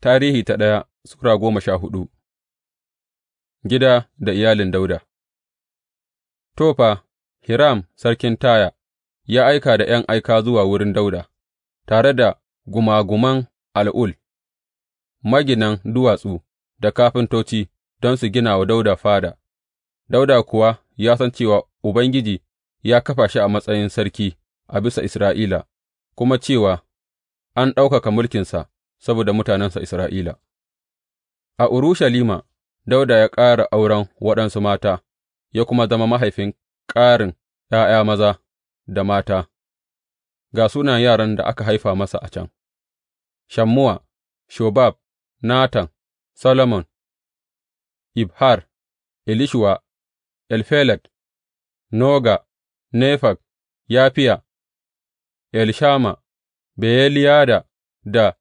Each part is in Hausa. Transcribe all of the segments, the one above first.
Tarihi ta ɗaya Sura goma sha hudu Gida da iyalin Dauda. Tofa, Hiram sarkin Taya ya aika da ’yan aika zuwa wurin Dauda, tare da gumaguman al'ul, maginan duwatsu da kafintoci don su gina wa dauda fada, Dauda kuwa ya san cewa Ubangiji ya kafa shi a matsayin sarki a bisa Isra'ila, kuma cewa an ɗaukaka mulkinsa. saboda mutanensa Isra'ila A Urushalima, Dauda ya ƙara auren waɗansu mata, ya kuma zama mahaifin ƙarin ’ya'ya maza da mata, ga sunan yaran da aka haifa masa a can, Shammuwa, Shobab, Natan, Solomon, Ibhar, Elishuwa, Elfelet, Noga, Nefag, Yafiya, Elshama, Beyeliyada da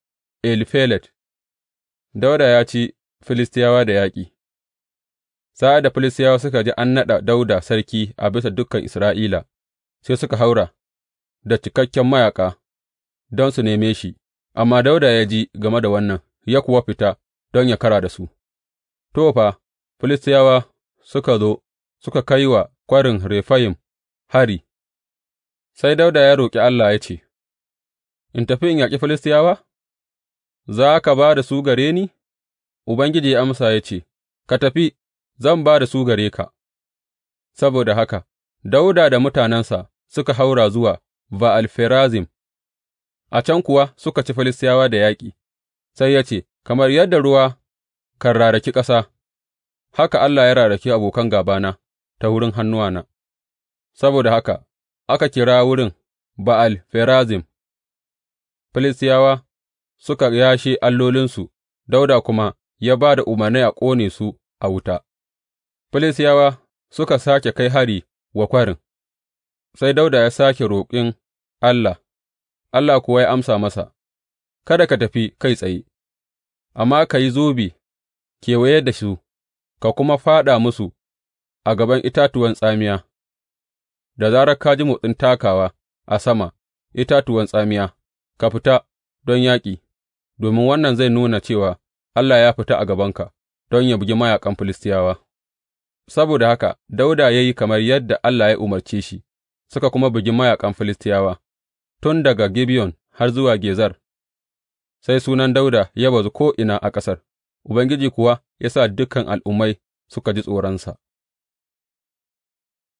Elifelet Dauda ya ci Filistiyawa da yaƙi Sa'ad da Filistiyawa suka ji an naɗa Dauda sarki a bisa dukan Isra'ila, sai suka haura da cikakken mayaƙa don su neme shi, amma Dauda ya ji game da wannan, ya kuwa fita don ya kara da su. Tofa Filistiyawa suka zo suka kai wa Kwarin Refayim hari, sai Dauda ya roƙi Allah ya ce, In tafi in yaƙi Filistiyawa? Za ka ba da su gare ni? Ubangiji ya amsa ya ce, Ka tafi, zan ba da su gare ka. Saboda haka, Dauda da mutanensa suka haura zuwa Ba'al Ferazim, a can kuwa suka ci Filistiyawa da yaƙi, sai ya ce, Kamar yadda ruwa kan raraki ƙasa, haka Allah ya raraki abokan gabana ta wurin hannuwana. Saboda haka, aka kira wurin Ba'al Ferazim, Filistiyawa suka yashe allolinsu, Dawuda kuma ya ba da umarnai a ƙone su a wuta, Filistiyawa suka sake kai hari wa kwarin, sai Dawuda ya sake roƙin Allah, Allah kuwa ya amsa masa, Kada ka tafi kai tsaye, amma ka yi zobe kewaye da su, ka kuma fāɗa musu a gaban itatuwan tsamiya, da zarar ka ji motsin takawa a sama itatuwan tsamiya, ka fita don yaƙi. domin wannan zai nuna cewa Allah ya fita a gabanka don ya bugi mayaƙan Filistiyawa. Saboda haka Dauda ya yi kamar yadda Allah ya umarce shi, suka kuma bugi mayaƙan Filistiyawa, tun daga Gibeon har zuwa Gezar, sai sunan Dauda ya bazu ko'ina a ƙasar, Ubangiji kuwa ya sa dukan al'ummai suka ji tsoronsa.